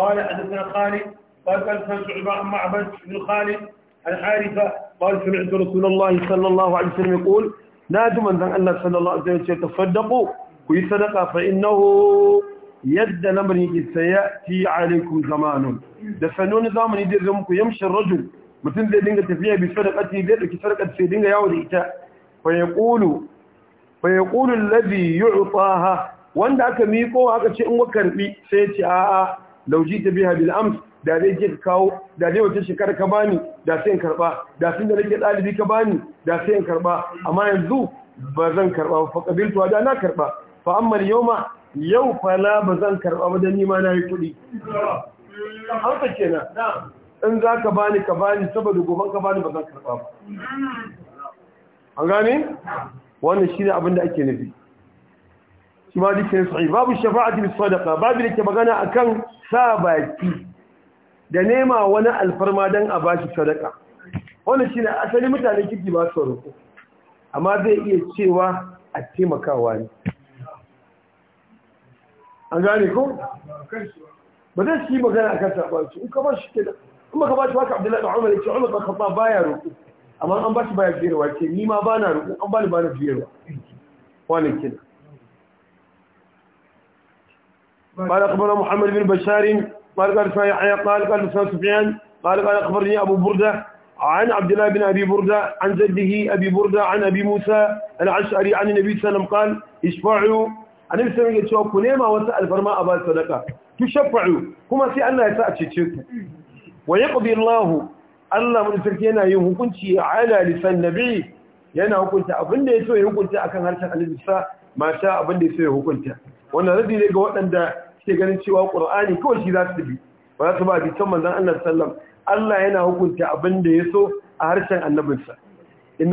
قال حدثنا خالد قال قال سمعت شعبة عن معبد بن خالد عن حارثة قال سمعت رسول الله صلى الله عليه وسلم يقول نادوا من ذن الله صلى الله عليه وسلم تصدقوا ويصدق فإنه يد نمري سيأتي عليكم زمان دفنون زمن يدير زمكم يمشي الرجل mutum zai dinga tafiya bi sadaqati zai dauki sadaqati sai dinga yawo da ita fa yaqulu fa yaqulu alladhi yu'taha wanda aka miko aka ce in wa karbi sai ya ce a'a lauji ta biya bil amsa da zai je kawo da zai wata shekara ka bani da sai in karba da sun da nake dalibi ka bani da sai in karba amma yanzu ba zan karba fa qabiltu da na karba fa amma yawma yau fa la ba zan karba ba dan nima na yi kudi haka kenan in za ka bani ka bani saboda goban ka bani ba zan karba ba an gane wannan shine abin da ake nufi shi ma duk sai babu shafa'ati bis sadaqa babu da ke magana akan sa baki da nema wani alfarma dan a bashi sadaka wannan shine asali mutane kiki ba su roƙo amma zai iya cewa a taimakawa ne an gane ko ba zai shi magana akan baki in ka bashi shi ke da kuma ka ba shi waka abdullahi da umar ya ce umar ka ba baya roƙo amma an bashi baya biyarwa ce ni ma ba na roƙo an bani bana ba na biyarwa wannan kenan قال أخبرنا محمد بن بشار قال قال يحيى قال قال سفيان قال قال أخبرني أبو بردة عن عبد الله بن أبي بردة عن جده أبي بردة عن أبي موسى العشعري عن النبي صلى الله عليه وسلم قال اشفعوا sai ya cewa ku nema alfarma a ba sadaka ku shafa'u kuma sai Allah ya sa a cece ku wa yaqbi Allah Allah mun sarki yana yin hukunci ala lisan nabi yana hukunta abin da yaso ya hukunta akan harshen annabi sa mata abin da ya hukunta wannan radi ne ga waɗanda suke ganin cewa qur'ani kawai shi za su bi ba za su ba bi can manzon Allah sallam Allah yana hukunta abin da ya so a harshen annabinsa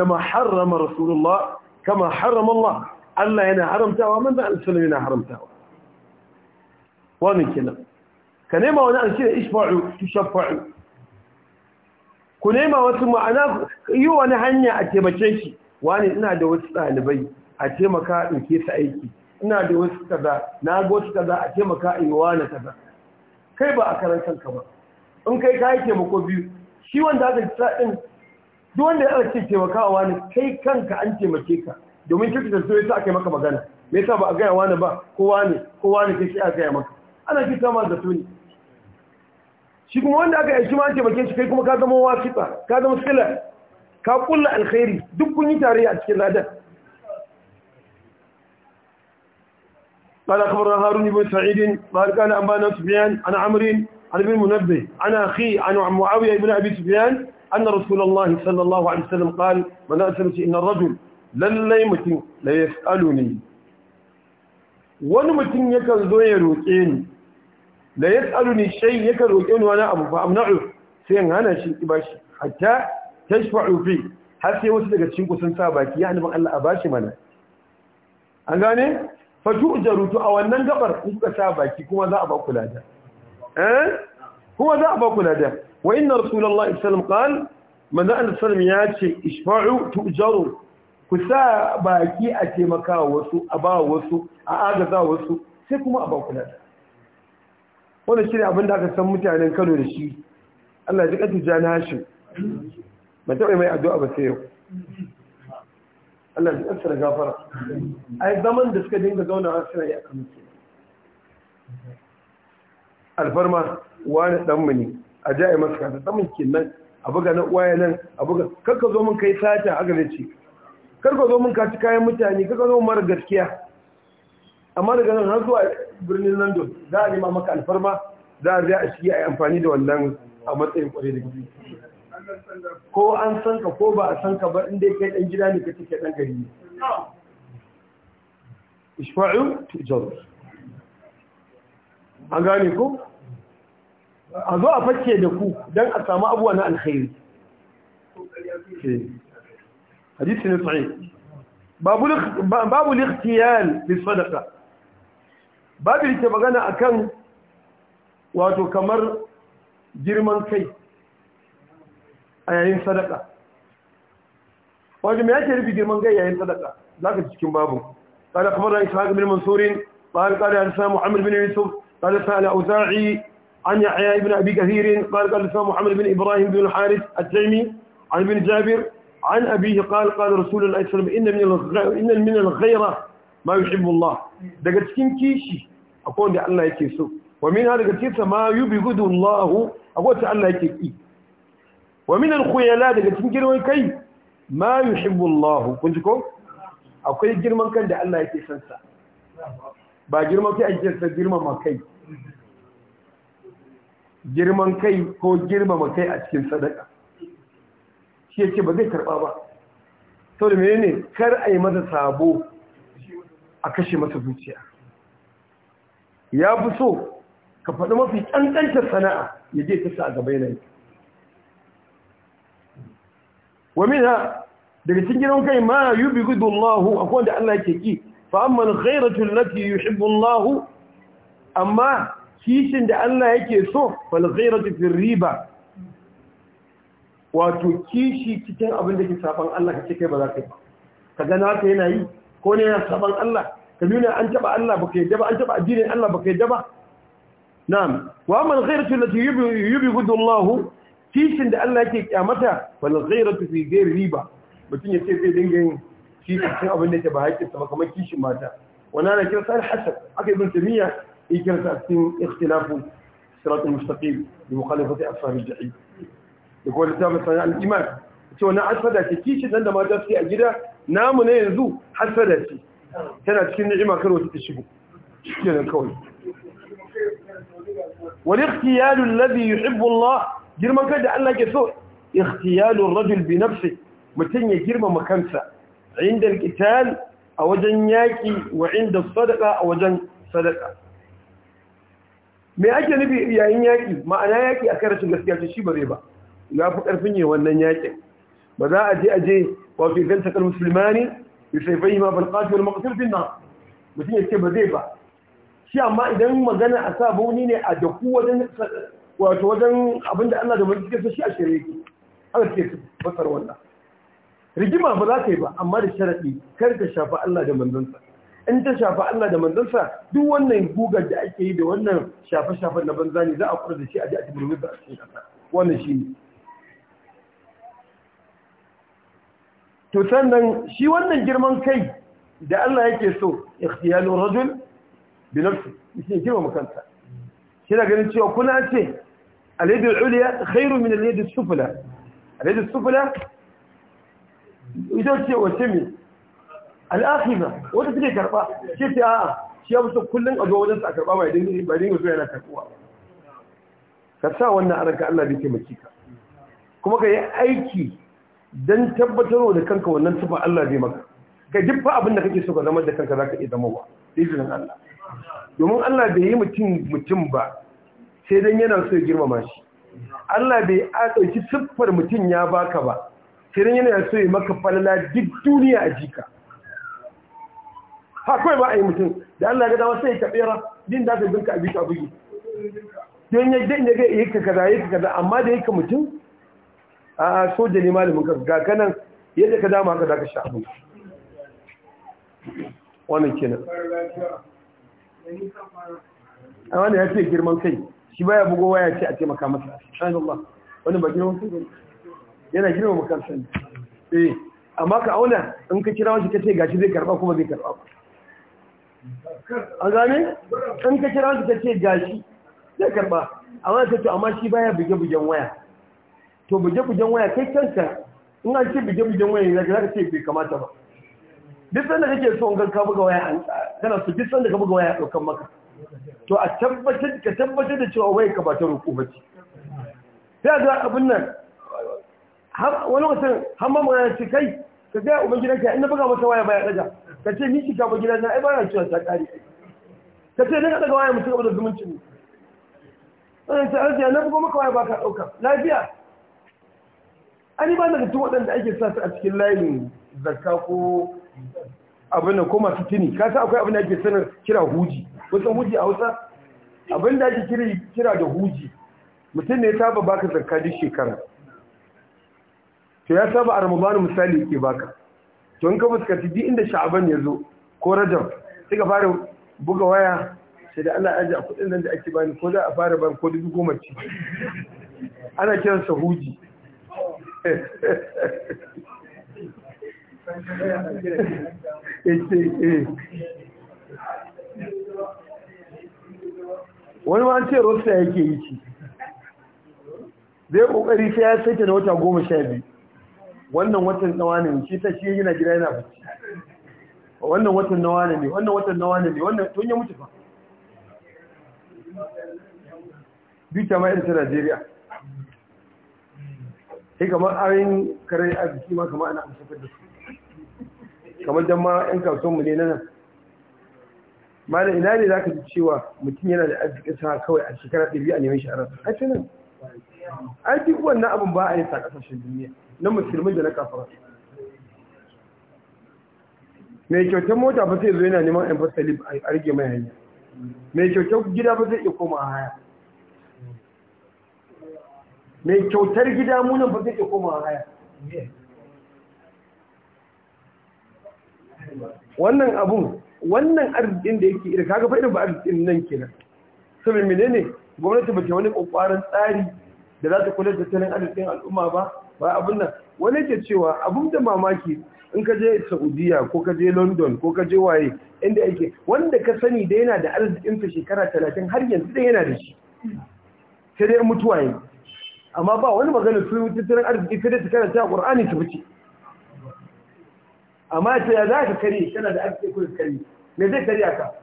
ma harrama rasulullah kama harrama Allah Allah yana haramtawa manzon Allah sallam yana haramtawa wani kenan ka nema wani an shine ishfa'u tushaffa'u ku nema wasu ma'ana yi wani hanya a taimake shi wani ina da wasu ɗalibai a taimaka in ke su aiki ina da wasu kaza na ga wasu kaza a taimaka a yi wani kaza kai ba a karan kanka ba in kai ka yi taimako biyu shi wanda aka sa din duk wanda ya ce ce taimakawa wani kai kanka an taimake ka domin kirkita so sa aka yi maka magana me yasa ba a gaya wani ba kowa ne kowa ne kai sai aka yi maka ana kirkita ma zato ne shi kuma wanda aka yi shi ma an taimake shi kai kuma ka zama wasita ka zama sila ka kulla alkhairi duk kun yi tarayya a cikin ladan قال أخبرنا هارون بن سعيد قال كان أنبانا سفيان عن عمرو عن ابن منبه عن أخي عن معاوية بن أبي سفيان أن رسول الله صلى الله عليه وسلم قال من أسلمت إن الرجل lallai mutum da ya wani mutum yakan zo ya roƙe ni da ya tsalo yakan roƙe ni wani abu ba amna'u hana shi ba shi hatta ta har sai wasu daga cikin kusan sa baki ya hannun Allah a bashi mana an gane fatu jarutu a wannan gabar in kuka sa baki kuma za a ba ku lada eh kuma za a ba ku lada wa inna rasulullahi sallallahu alaihi wasallam qal manzo Allah sallallahu ya ce ishfa'u tujaru ku sa baki a taimaka wasu a ba wasu a agaza wasu sai kuma a ba ku lada wannan ne abin da aka san mutanen Kano da shi Allah ya ji katu jana hashin ban taɓa mai addu'a ba sai yau Allah ya kansa da gafara ai zaman da suka dinga zauna har suna ya kamata alfarma wani dan mu ne a ja ai masa kasa ke kenan a buga na uwaye nan a buga karka zo mun kai sata a gare ce karka zo mun kaci kayan mutane karka zo mara gaskiya amma daga nan har zuwa birnin london za a nema maka alfarma za a riya a shi a yi amfani da wannan a matsayin kwarai da gaske ko an san ka ko ba a san ka ba inda kai dan gida ne kake kai dan gari ne ishfa'u tujaru an gane ku a zo a fakke da ku dan a samu abuwa na alkhairi eh. hadisi ne sahih babu babu ikhtiyal bi sadaqa babu ke magana akan wato kamar girman kai a yayin sadaka wajen mai yake rufi girman gai yayin sadaka za ka cikin babin ƙada kamar da isa gabin mansurin ƙada ƙada ya sa muhammadu bin yusuf ƙada sa ala uza'i an yi aya ibina abi gazirin ibrahim bin haris a jami an bin jabir an abi ƙal ƙada rasulun aisalam inan min alghaira ma yi shibbun allah daga cikin kishi akwai wanda allah yake so wa min ha daga cikin ma yi bi gudun allahu akwai wacce allah yake ƙi wa min al-khuyala daga cikin girman kai ma yuhibbu Allah kun ji ko akwai girman kan da Allah yake son sa ba girman kai ake son girman ma kai girman kai ko girmama kai a cikin sadaka shi yake ba zai karba ba sau da menene kar a yi masa sabo a kashe masa zuciya ya fi so ka faɗi mafi ƙanƙantar sana'a ya je ta sa a gaba yanayi wa daga cikin girman kai ma yubghidu Allah a da Allah ke ki fa amma al-ghayratu allati yuhibbu Allah amma kishin da Allah yake so na ghayratu fi riba wato kishi cikin abin da ke saban Allah ka kai ba za ka yi ka ga ka yana yi ko ne yana saban Allah ka nuna an taba Allah baka yadda ba an taɓa addinin Allah baka yadda ba na'am wa amma al-ghayratu allati yubghidu Allah kishin da Allah yake kyamata wal ghairatu fi ghairi riba mutum yace zai dinga yin kishin cin abin da yake ba haƙƙin sa kamar kishin mata wannan ana kirsa al-hasad aka ibn tamiya ikirsa cikin ikhtilafu sirat al-mustaqim bi mukhalafati asfar al-jahil يقول الكتاب صنع الإيمان cewa na hasada ce kishin nan da mata suke a gida namu na yanzu hasada ce tana cikin ni'ima wata ta shigo kenan kawai wal ikhtiyar alladhi yuhibbu Allah girman kai da Allah ke so ikhtiyalur rajul bi nafsi mutun ya girmama kansa inda alqital a wajen yaki wa inda sadaqa a wajen sadaqa me ake nufi yayin yaki ma'ana yaki a karashin gaskiya ce shi bare ba ya fi karfin yi wannan yakin ba za a je a je wato idan takal musulmani bi sayfayhi ma balqati wal maqtul fi nar mutun ya ce ba zai ba shi amma idan magana a sa bauni ne a daku wajen wato wajen abinda Allah da mulki suke shi a shari'a yake haka ke fasar rigima ba za ta yi ba amma da sharadi kar ta shafa Allah da manzansa in ta shafa Allah da manzansa duk wannan gugar da ake yi da wannan shafa shafa na banza ne za a kura da shi a ji a cikin da a cikin ƙasa wannan shi ne to sannan shi wannan girman kai da Allah yake so ikhtiyalu rajul bi nafsi shi ne girma kansa shi da ganin cewa kuna ce اليد العليا خير من اليد السفلى اليد السفلى ita ce wace mai al'afiza wata suke karɓa ce ce a'a shi ya kullum a zuwa wajensu a karɓa ba dinga zuwa yana karɓuwa ka sa wannan aranka Allah bai taimaki ka kuma ka yi aiki don tabbatarwa da kanka wannan tufa Allah zai maka ka duk fa abin da kake so ka zama da kanka za ka iya zama ba izinin Allah domin Allah bai yi mutum mutum ba sai dan yana so ya girmama shi Allah bai a dauki siffar mutum ya baka ba sai dan yana so ya maka falala duk duniya a jika ha kai ba a yi mutum da Allah ga dama sai ya kaɓera din da ka binka a ka bugi don ya dan yaga ga ka kaza yake ka kaza amma da yake mutum a soja ne malamin ka ga kanan yadda ka dama ka za ka sha abu wannan kenan a wani ya ce girman kai shi baya bugo waya ce a ce maka masa subhanallah wani ba girman kai yana girma kan sani eh amma ka auna in ka kira shi kace gashi zai karba kuma zai karba ba an gane in ka kira shi kace gashi zai karba amma sai to amma shi baya buge bugen waya to buge bugen waya kai kanka in an ce buge bugen waya ne zaka ce bai kamata ba duk sanda kake so in ka buga waya an kana so duk sanda ka buga waya daukan maka to a tabbatar ka tabbatar da cewa wai ka ba ta roƙo ba ce sai zuwa abin nan wani wasan hamma mu ya ce kai ka ga uban gidan ka inda buga masa waya baya daga ka ce ni kika ba gidan na ai bayan cewa ta kare ka ce ne ka daga waya mutum da zumunci ne sai ta arziya na buga maka waya ba ka ɗauka. lafiya yi ba daga tun waɗanda ake sa su a cikin layin zakka ko abin ko masu tuni ka sa akwai abin da ake sanar kira huji Wasan huji a hausa abin da ake kira da huji mutum ne ya saba baka zarka duk shekara to ya saba a ramadanu misali ke baka to in ka fuskanci duk inda sha'aban ya zo ko rajab sai ka fara buga waya sai da Allah aji a kudin nan da ake bani ko za a fara ban ko dubu goma ci ana kiran sa huji eh, eh, eh. wani ma an ce rosta yake yi ci zai kokari sai ya sake na wata goma sha biyu wannan watan nawa ne shi ta shi yana gida yana bacci wannan watan nawa ne wannan watan nawa ne wannan tun ya mutu fa ta ma ta Najeriya sai kamar ayin kare arziki ma kamar ana amsa da su kamar dan ma yan kasuwan mu ne nan malam ina ne za ka ji cewa mutum yana da arziki sa kawai a shekara ɗari a neman shi a rasa a cinan ai wannan abin ba a yi sa ƙasashen duniya na musulmi da na kafara mai kyautar mota ba sai zo yana neman yan fasa lib a arge mai hanya mai kyautar gida ba zai iya koma haya mai kyautar gida munan ba zai iya koma haya wannan abun wannan arzikin da yake ira, kaga fa'idan ba arzikin nan kenan ne ne gwamnati ba ta wani kokarin tsari da za ta kula da tattalin arzikin al'umma ba ba abin nan wani ke cewa abun da mamaki in ka je Saudiya ko ka je London ko ka je waye inda yake wanda ka sani da yana da arzikin sa shekara 30 har yanzu da yana da shi sai dai mutuwa ne. amma ba wani magana su tattalin arziki sai dai ta karanta Qur'ani ta fice amma ta ya za ka kare kana da arziki kuma kare me zai kare ka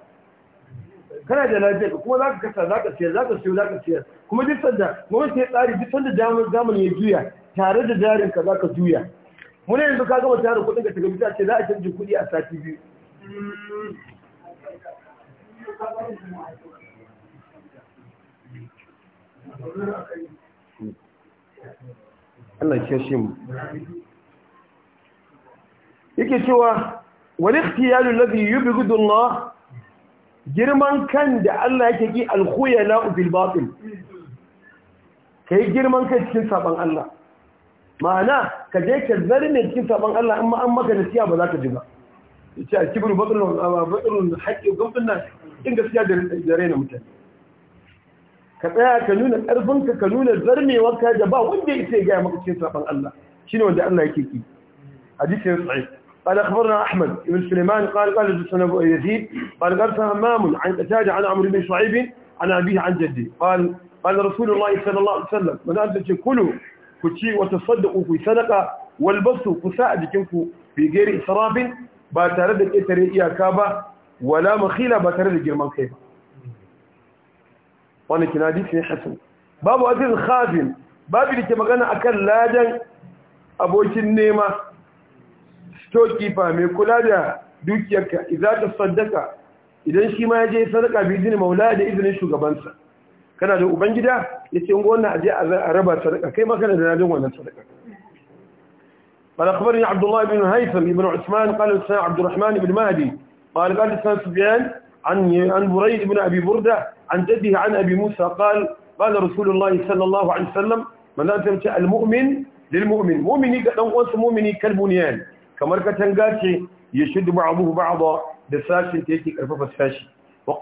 kana da lafiya ka kuma za ka kasa za ka siyar za ka siyo za ka siyar kuma duk sanda mun ya tsari duk sanda zamani ya juya tare da jarin ka za ka juya muna yanzu ka gama tara kuɗin ka ta gabi ta ce za a canji kuɗi a sati biyu Allah ya shi mu yake cewa wani ikhtiyalu ladhi yubghidu Allah girman kan da Allah yake ki al-khuyala bil batil kai girman kai cikin saban Allah ma'ana ka je ka zarme cikin saban Allah amma an maka nasiya ba za ka ji ba yace a kibru batlun batlun haqqi gumbin nan in siya da na mutane ka tsaya ka nuna karfinka ka nuna zarmewarka da ba wanda ya ce ga maka cikin saban Allah shine wanda Allah yake ki hadisin tsaye. قال أخبرنا أحمد بن سليمان قال قال حدثنا أبو يزيد قال قال فهمام عن أتاج عن عمرو بن شعيب عن أبيه عن جدي قال قال رسول الله صلى الله عليه وسلم من أنت تكلوا كتشي وتصدقوا في صدقة والبسوا كساء جكنكو في غير إسراف باترد الإتر كابا ولا مخيلة باترد جرمان كيفا وانا كنادي في حسن باب أجل خازن باب اللي كمغانا أكل لاجن ابو النيمة storekeeper mai kula da dukiyarka ta saddaka idan shi ma sadaka bi izinin maula da izinin shugabansa kana da ubangida yace aje a raba sadaka kai ma kana da wannan sadaka قال أخبرني عبد الله بن هيثم بن عثمان قال لسان عبد الرحمن بن مهدي قال قال لسان سفيان عن عن بريد بن أبي بردة عن جده عن أبي موسى قال قال رسول الله صلى الله عليه وسلم من لا تمشى المؤمن للمؤمن مؤمني قد أنقص مؤمني كالبنيان kamar katanga ce ya shuddu ba'abuhu ba'aba da sashin ta yake karfafa sashi wa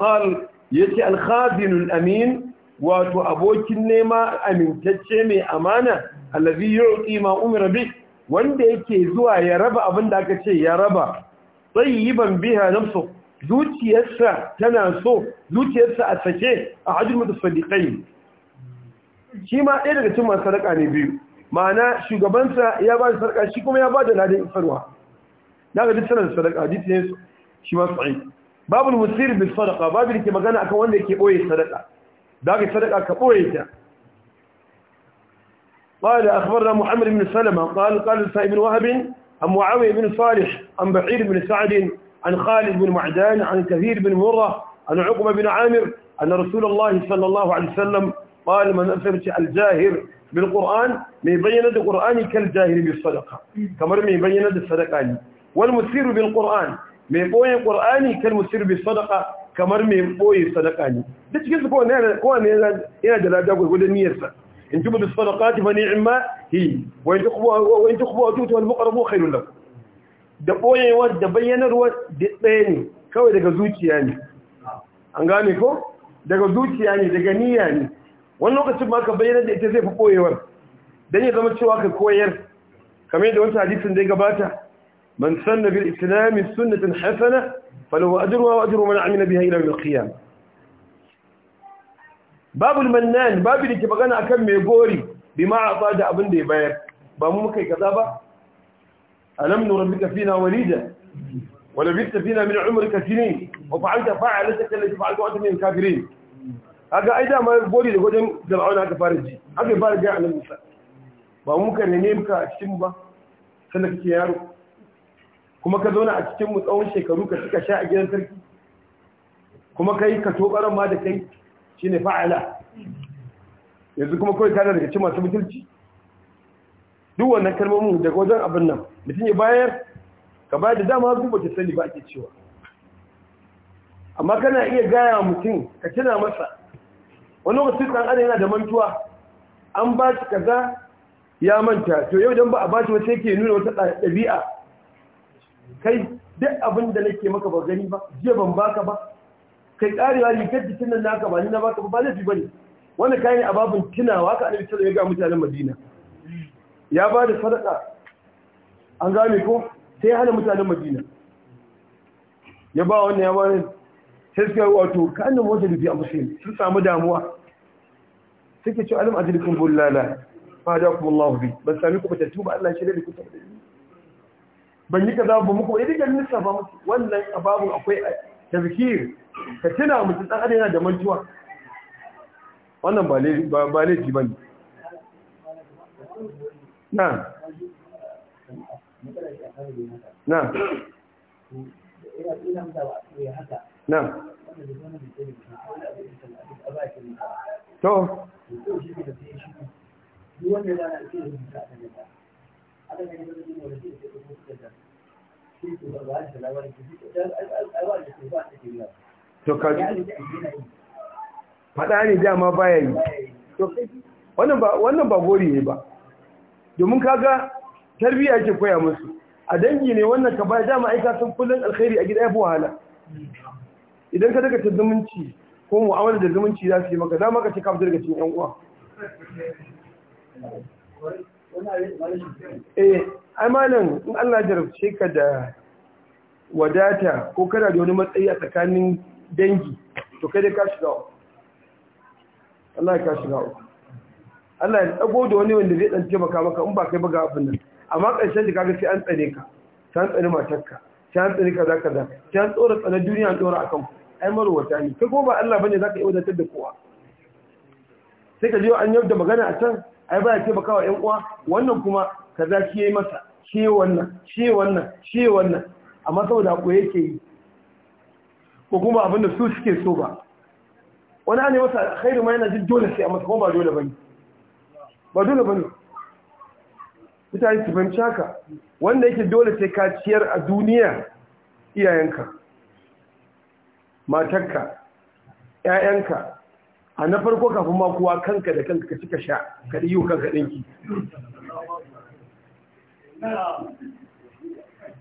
ya yace al amin wato abokin nema amintacce mai amana allazi yu'ti ma umira bi wanda yake zuwa ya raba abin da aka ce ya raba biya na nafsu zuciyarsa tana so zuciyarsa a sake a hajjul sadiƙai. shi ma ɗaya daga cikin masu sadaka ne biyu ma'ana shugabansa ya ba da sadaka shi kuma ya ba da ladan isarwa لا ga duk sanar da sadaka hadisi ne shi ma sa'i babul musir bil sadaqa babu yake magana akan wanda yake boye sadaka sadaka ka boye ta قال أخبرنا محمد بن سلمة قال قال سعيد بن وهب عن معاوية بن صالح عن بعير بن سعد عن خالد بن معدان عن كثير بن مرة عن عقبة بن عامر أن رسول الله صلى الله عليه وسلم قال من أثبت الجاهر بالقرآن من بينة القرآن كالجاهر بالصدقة كما من بينة الصدقة wal بالقران bil بوي mai boye بالصدقه kal مي بوي صدقه kamar mai boye sadaka ne duk دلا غد نيرسا ان yana da lada gurgurdan niyyar sa in tubu bis sadaqati fa ni'ma hi wa in tuqbu wa in tuqbu atutu wal muqrabu khairun da boyewa da bayyanarwa da zuciya ne daga niyya ne wani lokacin ma ka bayyana da ita zai fi koyewar Dan ya zama cewa ka koyar kamar yadda wancan hadisin zai gabata من سن بالإسلام سنة حسنة فله أجرها وأجر من عمل بها إلى يوم القيامة باب المنان باب اللي تبغانا أكمل يقولي بما أعطى دا أبن دي باير بامو مكي كذابة ألم نربك فينا وليدا ولبثت فينا من عمرك سنين وفعلت فعلتك التي فعلت وأنت من الكافرين هذا أيضا ما يقولي لقدم فرعون هذا فارجي هذا فارجي على النساء بامو مكي نيمك أشتم با سنك يارو kuma ka zauna a cikin tsawon shekaru ka cika sha a gidan sarki kuma kai ka to baran ma da kai shine fa'ala yanzu kuma kai kana daga cikin masu mutunci duk wannan kalmomin daga wajen abin nan mutum ya bayar ka bayar da dama zuba bace sani ba ake cewa amma kana iya gaya mutum ka tuna masa wani lokaci kan ana yana da mantuwa an ba shi kaza ya manta to yau dan ba a ba shi wata yake nuna wata ɗabi'a kai duk abin da nake maka ba gani ba jiya ban baka ba kai karewa rigar jikin nan naka ba ni na baka ba ba laifi bane wannan kayan a tunawa ka annabi sallallahu alaihi wasallam ya ga mutanen Madina ya ba da sadaka an gane ko sai hana mutanen Madina ya ba wannan ya ba ne sai suka wato ka annabi wajen bi a musulmi sun samu damuwa suke ce alim ajrikum bullala fa da kuma Allah bi ban sami ku ta tuba Allah shi da ku ta ban yi kaza ba muku idan ganin lissafa muku wannan ababun akwai tazkir ka tuna mutum dan adana da mantuwa wannan ba laifi ba ji bane na na na to wannan da ake yi wanda ya to ka faɗa ne dama baya yi wannan ba gori ne ba domin kaga tarbiyya ke koya musu a dangi ne wannan ka baya dama aika sun kullum alkhairi a gida ya wahala idan ka daga zumunci ko mu'amala da zumunci za su yi maka dama ka ce ka fita daga cikin ƴan uwa eh ai malam in Allah jarabce ka da wadata ko kana da wani matsayi a tsakanin dangi to kai dai ka shiga Allah ya ka shiga Allah ya dago da wani wanda zai dan taimaka maka in ba kai ba ga abin nan amma ƙarshen da kaga sai an tsare ka sai an tsare matarka sai an tsare ka zaka da sai an tsora tsana duniya an tsora akan ku ai marwata ne kai ko ba Allah bane zaka yi wadatar da kowa sai ka ji an yau da magana a can ai ba ya taimaka wa 'yan uwa wannan kuma kaza shi yayi yi masa shi wannan shi wannan shi wannan amma saboda ko yake yi ko kuma abin da su suke so ba wani ne masa khairu ma yana jin dole sai amma kuma ba dole bane ba dole bane Ita yi fahimci chaka wanda yake dole sai ka ciyar a duniya iyayenka matarka ƴaƴanka a na farko kafin ma kuwa kanka da kanka ka cika sha ka yi kanka ɗinki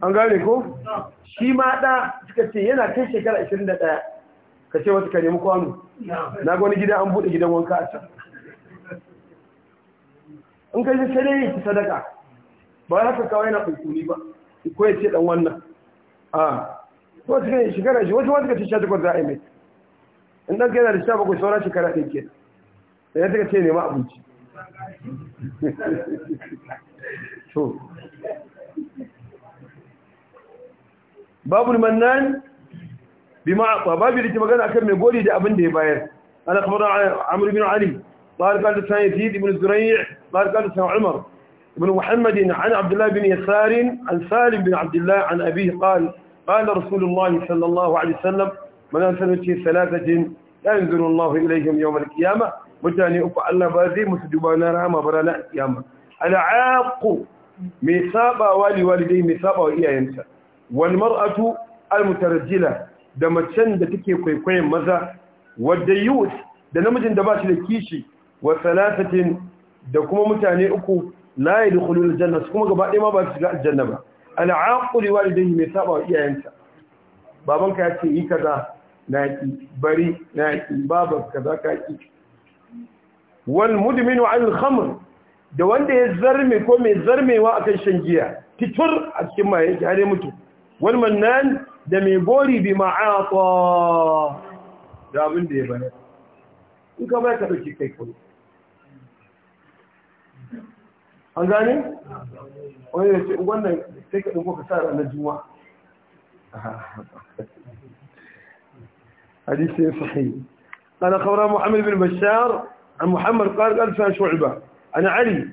an gane ko shi ma ɗa suka ce yana kai shekara 21 ka ce wata ka nemi kwano na wani gida an buɗe gidan wanka a can in ka ji sai ya ci sadaka ba haka kawai yana kulkuli ba ko ya ce ɗan wannan a ah. ko cikin shekara shi wata wata ka ce shi takwas za a yi mai in dan kai na da sha bakwai saura shekara ɗin ke da ya taka ce nema abinci to babu mannan bi ma'aqa babu da ke magana akan mai gori da abin da ya bayar ana kamar amr bin ali قال كان لسان يزيد بن الزريع قال كان لسان عمر بن محمد عن عبد الله بن يسار عن سالم بن عبد الله عن أبيه قال قال رسول الله صلى الله عليه وسلم manzon sallallahu ce salatatin la yanzuru Allahu ilayhim yawm al mutane uku Allah ba zai musu duba na rahama ba ranar kiyama al-aqu mai sabawa li walidai mai sabawa iyayenta wal mar'atu al-mutarajjila da macen da take kwaikwayon maza wadda youth da namijin da ba shi da kishi wa salatatin da kuma mutane uku la da janna kuma gaba ɗaya ma ba su shiga aljanna ba al'aqu li walidayhi mai saba wa iyayensa babanka ya ce yi kaza naki bari naki za kaza kaki wal mudminu al khamr da wanda ya zarme ko mai zarmewa akan shan giya titur a cikin maye ki hare mutu wal mannan da mai bori bi ma'ata da abin da ya bane in ka bai ka dauki kai ko an gane? wani ya ce wannan sai ka ɗin kuka sa ranar juma'a حديث صحيح قال خبر محمد بن بشار عن محمد قال قال شعبة انا علي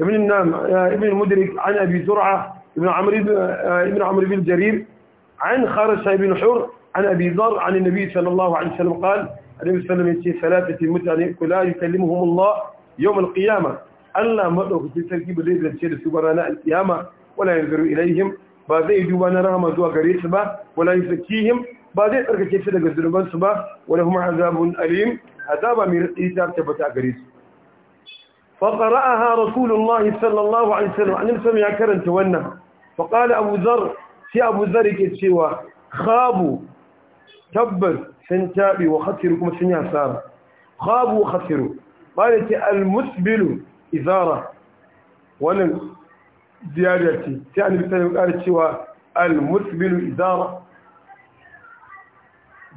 ابن النام آه، ابن المدرك عن أبي زرعة ابن عمرو آه، ابن عمرو بن جرير عن خرس بن حر عن أبي ذر عن النبي صلى الله عليه وسلم قال النبي صلى الله عليه وسلم ثلاثة متعنق لا يكلمهم الله يوم القيامة ألا مدعو في تركيب الليل الشيء سبحانه القيامة ولا ينظر إليهم ba zai duba na rahama zuwa gare ba zai tsarkake su daga zurbansu ba wani kuma azabun alim azaba mai rikita tabbata a gare su faƙara a haɗa sulullahi sallallahu alisallam an nisa mai karanta wannan faƙala abu zar sai abu zar yake cewa khabu tabbar sun taɓe wa khatiru kuma sun ya sara khabu wa khatiru ba da ke almusbilu izara wannan ziyarar ce sai an nisa mai ƙara cewa almusbilu izara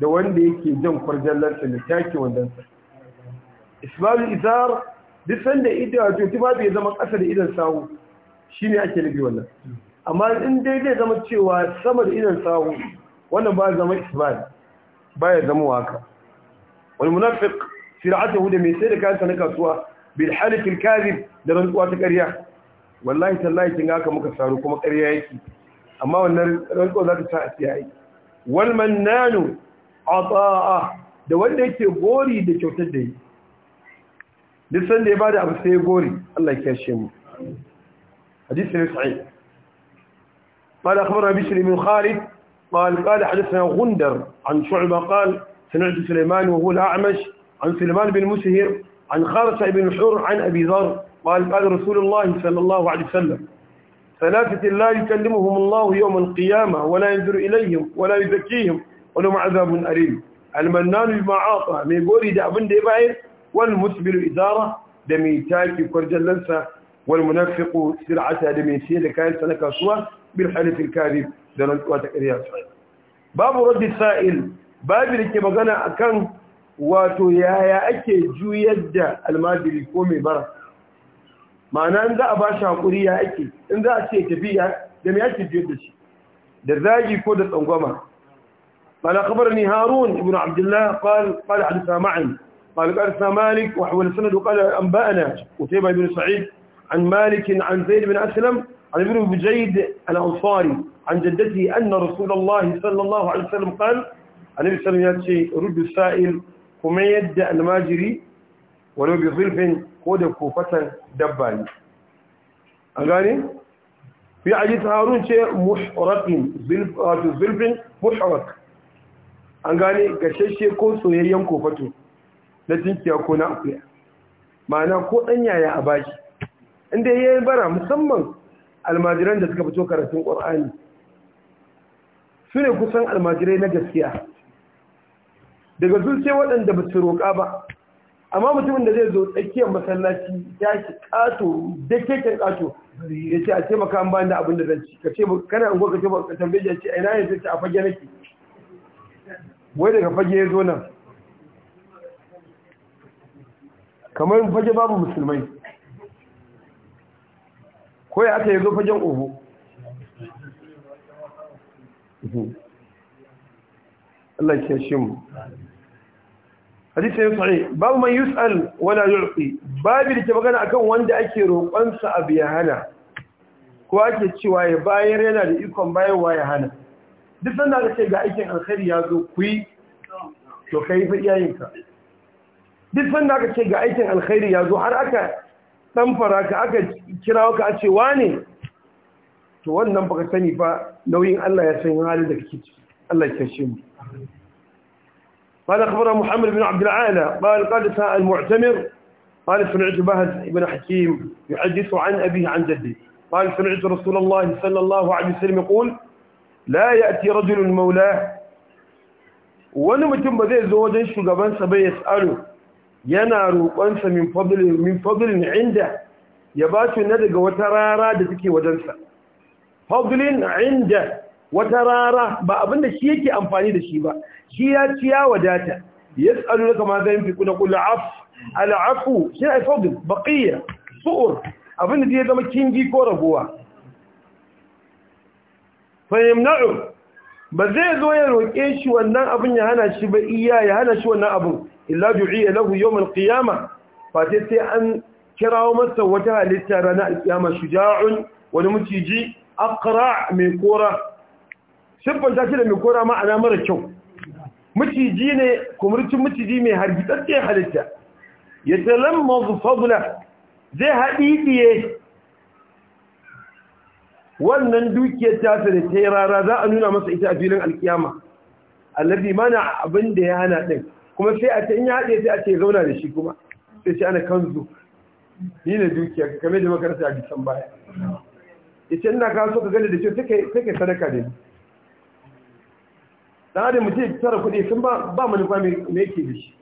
da wanda yake jan kwarjallarsa da take wandansa isbabu izar duk sanda idajo ba ya zama kasa da idan sahu shine ake nufi wannan amma in dai zai zama cewa sama da idan sahu wannan ba zama ismail ba ya zama waka wal munafiq sir'atuhu da mai sai da kayansa na kasuwa bil halifil kadhib da rantsuwa ta ƙarya wallahi tallahi kin haka muka saru kuma ƙarya yake amma wannan rantsuwa za ta sa siya yi wal mannanu ata'a da wanda yake gori da kyautar da yi duk san da ya bada abu sai gori Allah ya kashe mu hadisi ne sai قال أخبرنا بشر بن خالد قال قال حدثنا غندر عن شعبة قال سمعت سليمان وهو الأعمش عن سليمان بن مسهر عن خارسة بن حر عن أبي ذر قال قال رسول الله صلى الله عليه وسلم ثلاثة لا يكلمهم الله يوم القيامة ولا ينظر إليهم ولا يزكيهم wani ma'azabun arewa almannanu ma mai gori da abin da ya bayar wani musbiru izara da mai taki kwarjallansa wani munafiqu sir'ata da mai siyar da kayan sana kasuwa bil halittar kari da rantsuwa ta ƙarya babu raddi sa'il babu da ke magana kan wato yaya ake juyar da almajiri ko mai bara ma'ana in za a ba shi haƙuri ya ake in za a ce tafiya da mai ake juyar da shi da zagi ko da tsangwama قال أخبرني هارون بن عبد الله قال قال حدثنا معي قال أرثنا مالك وحول السند وقال أنبأنا وتيبة بن سعيد عن مالك عن زيد بن أسلم عن ابن بجيد الأنصاري عن جدته أن رسول الله صلى الله عليه وسلم قال عن صلى سلم ياتي رد السائل حميد الماجري ولو بظلف كود كوفة دبان أغاني في حديث هارون شيء محرق ظلف آه، محرق an gane gashashe ko soyayyen kofato na jinkiya ko na akuya ma'ana ko ɗan yaya a baki inda ya yi bara musamman almajiran da suka fito karatun ƙwar'ani su ne kusan almajirai na gaskiya daga zuce waɗanda ba su roƙa ba amma mutumin da zai zo tsakiyar masallaci ya shi ƙato da keken ƙato ya ce a taimaka an bayan da abin da zan ci ka ce kana in ka ce ba ka tambaye ya ce a ina ya ce a fage nake wai daga fage ya zo nan kamar fage babu musulmai ko ya aka yi zo fagen oho mhm. Allah ya shi mu hadisai sai babu man yus'al wala yu'ti babu da ke magana akan wanda ake roƙon sa abu ya hana ko ake cewa ya bayar yana da ikon bayarwa ya hana duk sanda ka ce ga aikin alkhairi ya zo ku yi to ka yi fa iyayenka duk sanda ka ce ga aikin alkhairi ya zo har aka tamfara ka aka kira ka a ce wane to wannan baka sani ba nauyin Allah ya san halin da kake ciki Allah ya kashe mu قال أخبر محمد بن عبد العالى قال قال ساء المعتمر قال سمعت بهز بن حكيم يحدث عن أبيه عن جده قال سمعت رسول الله صلى الله عليه وسلم يقول la ya'ti rajulun maula wani mutum ba zai zo wajen shugabansa ba ya tsaro yana roƙonsa min fadlin inda ya ba shi na daga wata rara da suke wajensa fadlin inda wata rara ba abinda shi yake amfani da shi ba shi ya ci ya wadata ya tsaro na kama zai fi kuna kula af al'afu shi ne fadl baƙiyya, su'ur abinda zai zama kingi ko raguwa fahimna'u ba zai zo ya roƙe shi wannan abin ya hana shi ba iya ya hana shi wannan abin illa du'iya lahu yawmal ƙiyama. fa sai an kirawo masa wata halitta ranar alkiyama shuja'un wani mutiji akara mai kora shibban ta ce da mai kora ma'ana mara kyau mutiji ne kumurcin miciji mai hargitsacciyar halitta ya talamma fadla zai haɗiɗiye wannan dukiyar tasa da ta yi rara za a nuna masa ita a filin alkiyama allabi mana abin da ya hana ɗin kuma sai a ta yi ya haɗe sai a ce zauna da shi kuma sai shi ana kanzu ni ne ka kame da makaranta a bisan baya ita ina kawo so ka gani da kyau sai ka sadaka da ni dan adam mutum tara kuɗi sun ba ba manufa me ke da shi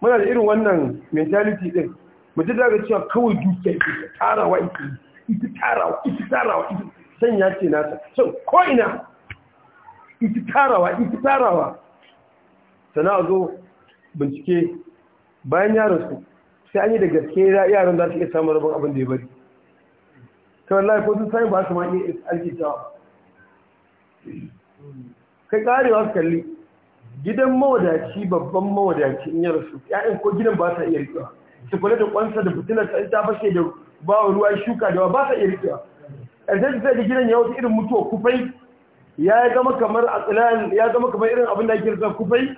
muna da irin wannan mentality din mutum da ga cewa kawai dukiya ke tarawa yake ita tarawa ita tarawa ita sanya ce nasa so ko ina ita tarawa ita tarawa sana zo bincike bayan yaron su sai an yi da gaske yaran za su iya samun rabon abin da ya bari kawai lafi ko sun sami ba su ma iya alkitawa kai karewa su kalli gidan mawadaci babban mawadaci in yarsu ya'yan ko gidan ba sa iya rikewa su kula da kwansa da fitilar ta ta fashe da ba wa ruwa shuka da ba sa iya rikewa ƙarshe zai da gidan ya wata irin mutuwa kufai ya zama kamar atsilan ya zama kamar irin abin da ya kirka kufai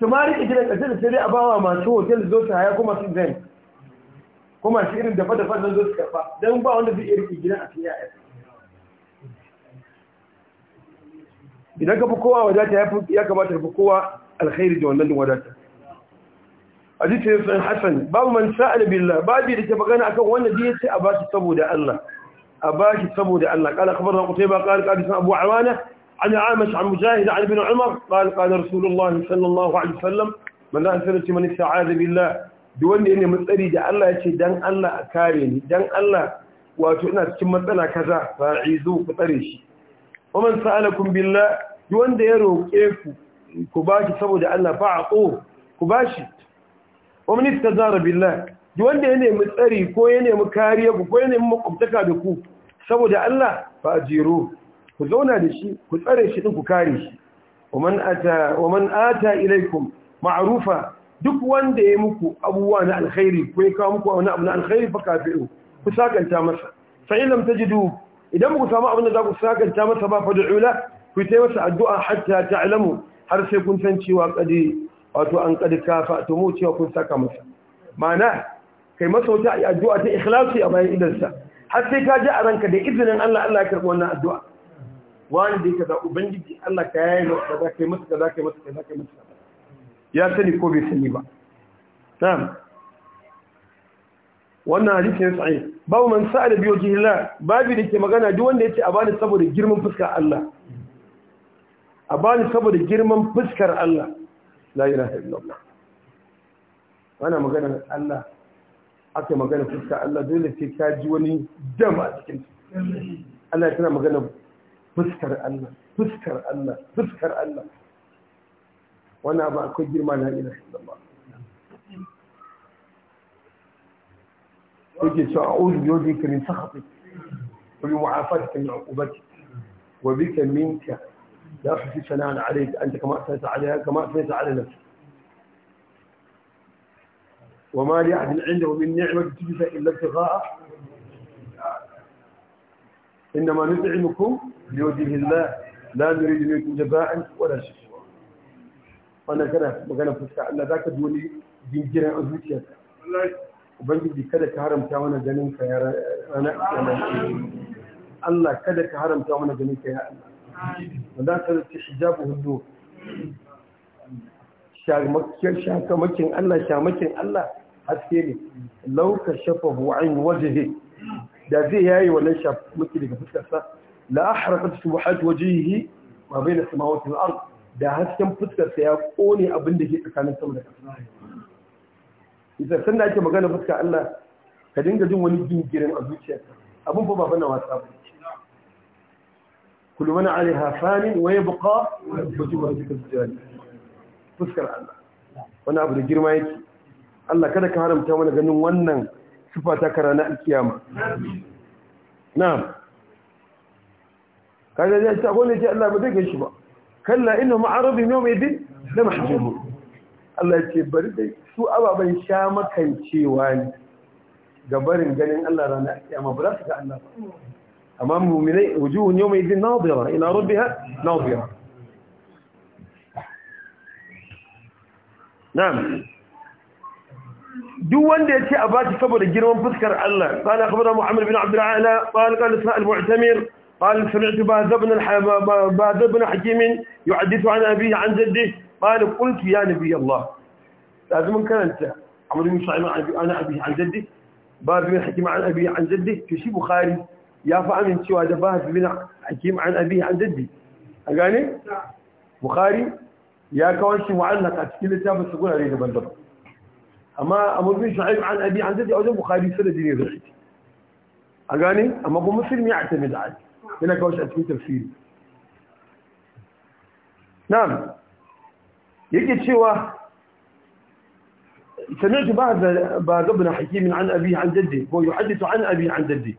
tumari a gidan ƙasar da sai dai a bawa masu hotel zo su haya kuma su zai kuma su irin dafa-dafa don zo su karfa don ba wanda zai irki gina gidan a fiye a idan ka fi kowa wadata ya kamata ka fi kowa alkhairi da wannan wadata hadisi san hasan babu man sa'ala billah babu da ke magana akan wanda da yace a bashi saboda Allah a bashi saboda Allah qala khabarna qutayba qala qala san abu awana an amash an mujahid an ibn umar qala qala rasulullah sallallahu alaihi wasallam man la sanati man sa'ala billah duk wanda yana matsari da Allah yace dan Allah a kare ni dan Allah wato ina cikin matsala kaza fa'izu ku tsare shi wa man sa'alakum billah duk wanda ya roke ku ku bashi saboda Allah fa'aqu ku bashi wa ta istazara billah duk wanda ya nemi tsari ko ya nemi kariya ku ko ya nemi makwabtaka da ku saboda Allah fa ajiru ku zauna da shi ku tsare shi din ku kare shi wa man ata ilaikum ma'rufa duk wanda ya muku abubuwa na alkhairi ko ya kawo muku wani abu na alkhairi fa kafiru ku sakanta masa fa in lam tajidu idan muku samu abin da za ku sakanta masa ba fa du'ula ku yi masa addu'a hatta ta'lamu har sai kun san cewa kadi wato an kadi kafa to mu cewa kun saka masa mana kai masa wata addu'a ta ikhlasi a bayan idansa har sai ka ji a ranka da izinin Allah Allah ya karɓi wannan addu'a wani da kaza ubangiji Allah ka yayi masu ka, kai masa kaza kai masa kaza kai masa kaza ya sani ko bai sani ba tam wannan ne sa'i babu man da biyo jihla babu da ke magana duk wanda yace a bani saboda girman fuskar Allah a bani saboda girman fuskar Allah la ilaha illallah ana magana Allah aka magana fuska Allah dole sai ka ji wani dam a cikin Allah tana magana fuskar Allah fuskar Allah fuskar Allah wannan ba akwai girma la ilaha illallah yake cewa a'udhu bi wajhika min sakhatik wa bi mu'afatika min 'uqubatik wa ka minka يا أخي في عليك أنت كما أثنت عليها كما أثنت على نفسك وما لأحد عنده من نعمة تجزى إلا ابتغاء إنما نزعمكم لوجه الله لا نريد منكم جباء ولا شك انا كنا ما كنا فتاة أن ذاك دولي دين جيرا أزوك يا وبنجي دي كده كهرم تاونا يا كيارا أنا أنا الله كده كهرم تاونا جنين كيارا wadda ta hijabu hudu shakamakin Allah shamakin Allah haske ne lauka shafahu waje ne da zai yayi wannan shamaki daga fuskarsa la ahraqat subuhat yi ma na sama wata ard da hasken fuskarsa ya kone abin da ke tsakanin sama da ƙasa idan san da ake magana fuskar Allah ka dinga jin wani gingirin a zuciyarka abin fa ba na wasa ba كل من عليها فان ويبقى وجه ربك الجلال fuskar Allah wani abu da girma yake Allah kada ka haramta mana ganin wannan sifa ta kara na alkiyama na'am kaga ya ce akwai ne ce Allah ba zai gaishe ba kalla inna ma'arabi yau mai din da Allah ya ce bari dai su ababen sha makancewa ne ga barin ganin Allah rana alkiyama ba za su ga Allah ba أمام المؤمنين وجوه يومئذ ناظرة إلى ربها ناظرة نعم دو وندي أتي أباتي فبر الجنة وانفذكر الله قال أخبر محمد بن عبد العالى قال قال اسماء المعتمر قال سمعت باهز بن, بن حكيم يحدث عن أبيه عن جده قال قلت يا نبي الله لازم كان أنت عمر بن سعيد عن أبيه عن جده باهز بن حكيم عن أبيه عن جده في شي بخاري يا فاهم انت شو هذا باهت بن حكيم عن أبيه عن جدي أقاني؟ بخاري يا كوانشي معلق أتكلم تابع سقول علي دبن دبن أما ابو بن شعيب عن أبي عن جدي أو بخاري سر الدنيا بخيت أقاني؟ أما أبو مسلم يعتمد عاد هنا كوانش أتكلم تفسير نعم يجي شو سمعت بعض بعض ابن حكيم عن أبيه عن جدي هو يحدث عن أبيه عن جدي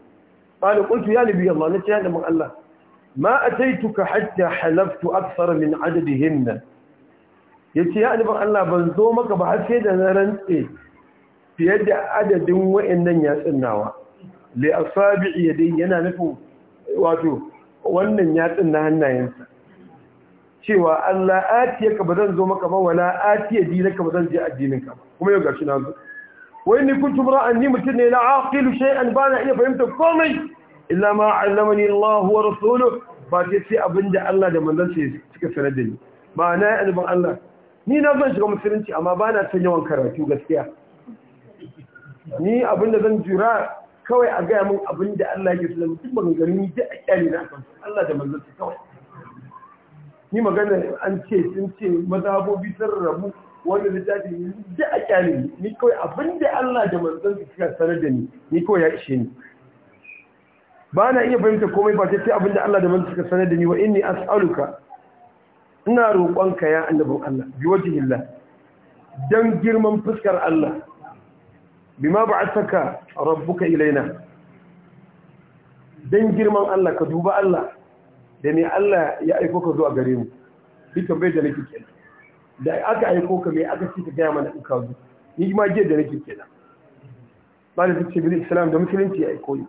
قالوا قلت يا نبي الله نتيا أنا من الله ما أتيتك حتى حلفت أكثر من عددهن يتيا ya annabi Allah ban zo maka ba har da na rantse fiye da adadin wayannan yatsin nawa li asabi'i yana wannan na hannayensa cewa Allah atiyaka bazan zo maka ba wala atiya dinaka bazan je addininka kuma yau gashi na zo wa inni kuntu ra'an ni mutum ne la aqilu shay'an ba na iya fahimtar komai illa ma 'allamani Allah wa rasuluhu ba ke sai abinda Allah da manzon ya cika sanar da ni ma'ana ya alban Allah ni na zan shiga musulunci amma ba na son yawan karatu gaskiya ni abin da zan jira kawai a gaya min abinda Allah ya sanar duk maganganun ni da akyali na Allah da manzon sa kawai ni magana an ce sun ce mazhabobi sun rabu wani littafi da a kyale ni kawai abinda Allah da manzan su suka sanar da ni ni kawai ya ishe ni ba na iya fahimta komai ba sai abin abinda Allah da manzon suka sanar da ni wa inni as'aluka ina roƙonka ya annabin Allah bi wajhillah dan girman fuskar Allah bima ba'athaka rabbuka ilaina dan girman Allah ka duba Allah da ne Allah ya aiko ka zuwa gare mu dukan bai da nake kenan da aka aiko ka mai aka cika gaya mana in ka zo ni ma jiya da nake kenan ba da ce bil islam da musulunci ya aiko ni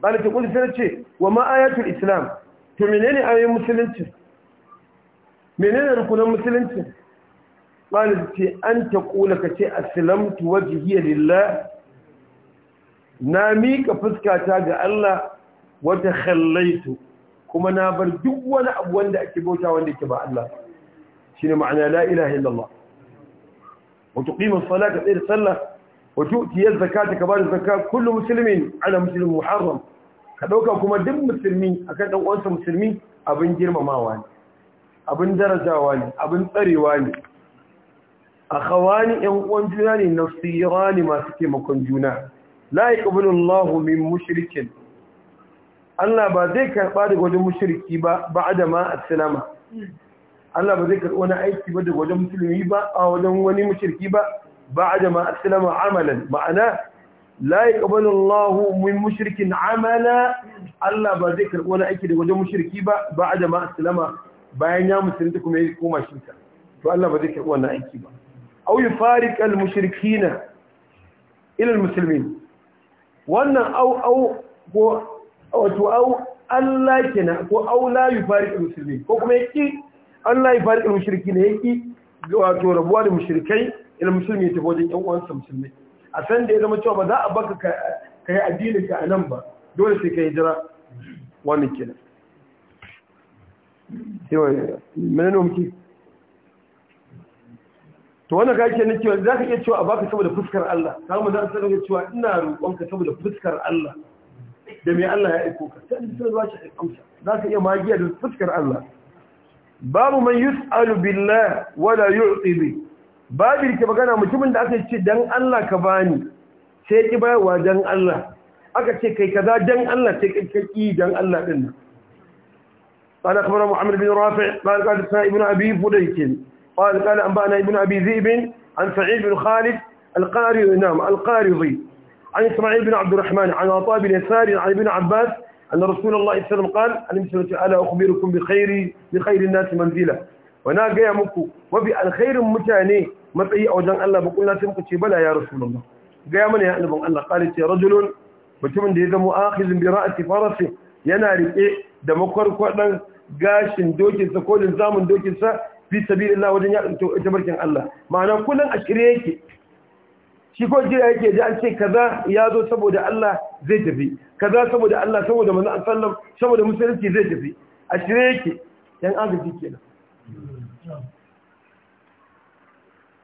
ba da ce sai ce wa ma ayatul islam to menene ayoyin musulunci menene rukunan musulunci ba da ce an ta kula ka ce aslamtu wajhiya lillah na mika fuskata ga Allah wata khallaitu kuma na bar duk wani abu wanda ake bauta wanda yake ba Allah ba shine ma'ana la ilaha illallah wa tuqima as-salata tsayar sallah wa tu'ti zakata ka bada zakka kullu muslimin ala muslim muharram ka ɗauka kuma duk musulmi akan dan uwansa musulmi abin girmamawa abin darajawa ne abin tsarewa ne akhawani yan uwan juna ne nasirani masu taimakon juna la yaqbalu Allahu min mushrikin Allah ba zai karɓa da gwajin mushriki ba ba da ma aslama Allah ba zai karɓi wani aiki ba daga wajen musulmi ba a wajen wani mushirki ba ba ba'da ma aslama amalan ma'ana la yaqbalu Allahu min mushrikin amala Allah ba zai karɓi wani aiki daga wajen mushirki ba ba ba'da ma aslama bayan ya musulmi musulunta kuma ya koma shi ta. to Allah ba zai karɓi wannan aiki ba aw yufariq al mushrikina ila al muslimin wannan au au ko wato au Allah kenan ko au la yufariq al muslimin ko kuma yaki Allah ya fari shirki ne yake wato rabuwa da mushrikai ilmi musulmi ta wajen ƴan uwansa musulmi a san da ya zama cewa ba za a baka ka yi ka a nan ba dole sai ka yi jira wannan kenan sai menene muke to wannan ka yake ne cewa za ka iya cewa a baka saboda fuskar Allah ka mu za ka cewa ina roƙonka saboda fuskar Allah da me Allah ya aiko ka sai da ruwa shi amsa za ka iya magiya da fuskar Allah babu man yus'alu billah wala yu'ti bi babu yake magana mutumin da aka ce dan Allah ka bani sai ki bayarwa dan Allah aka ce kai kaza dan Allah sai kai ki dan Allah din nan قال أخبرنا محمد بن رافع قال قال اسماء ابن أبي فليك قال قال أنبأنا ابن أبي ذئب عن سعيد بن خالد القاري نعم القارضي عن إسماعيل بن عبد الرحمن عن عطاء بن يسار عن ابن عباس أن رسول الله صلى الله عليه وسلم قال ألم ألا أخبركم بخير بخير الناس منزلة wana gaya muku mafi alkhairin mutane matsayi a wajen Allah ba kullum sai muku bala ya rasulullah gaya mana ya annabin Allah qali ce rajulun mutumin da ya zama akhizun bi ra'si farasi yana rike da makwarkwadan gashin dokin sa ko linzamin dokin sa fi sabilillah wajen ya dinto tabarkin Allah ma'ana kullum a shirye yake shi ko jira yake ji an ce kaza ya zo saboda Allah zai tafi kaza saboda Allah saboda manzo sallam saboda musulunci zai tafi a shirye yake yan agaji kenan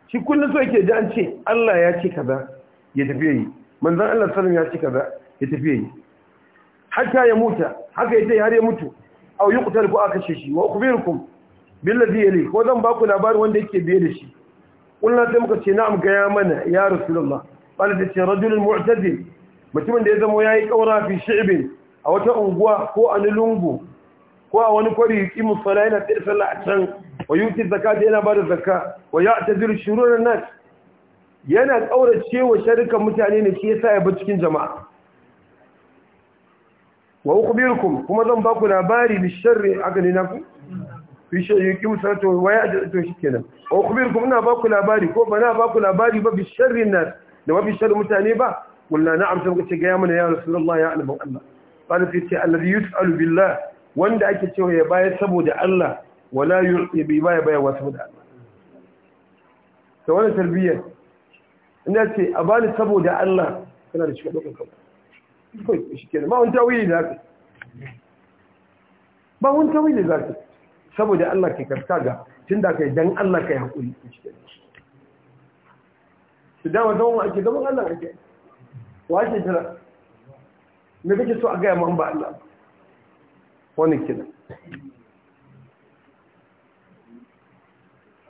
shi kullum so yake ji an ce Allah ya ce kaza ya tafi yayi manzo Allah sallam ya ce kaza ya tafi yayi hatta ya muta haka yace har ya mutu aw yuqtal ku aka shi wa ukhbirukum billadhi yali ko zan ba ku labarin wanda yake biye da shi kullum sai muka ce na'am gaya mana ya rasulullah bala ta ce rajulun mu'tadil mutumin da ya zama yayi kaura fi shi'bin a wata unguwa ko a lungu ko a wani kwari yuki musala yana tsaye sallah a can wa yuti da yana bada zakka wa ya'tazilu shururun nas yana kaurace wa sharukan mutane ne shi yasa ya bi cikin jama'a wa ukhbirukum kuma zan ba ku labari bi sharri aka ku fishe yukim sato waya to shikenan wa ku ina ba ku labari ko ba na ba ku labari ba bi sharrin nas da mafi sharrin mutane ba kullu na'am sai muka ce ga ya mana ya rasulullah ya annabi Allah qala fi ce alladhi yus'alu billah wanda ake cewa ya baya saboda Allah wala yu'ti bi baya baya wa saboda Allah to wannan tarbiyyar ina ce a bani saboda Allah kana da shiga dokan kanka ko shi kenan ma wani tawili da ba wani tawili da zaka saboda Allah ke karta ga tun da aka yi don Allah kai hakuri a cikin shi su dama wa ake zaman Allah ake ake jira me kake so a gaya mu ba Allah wani kina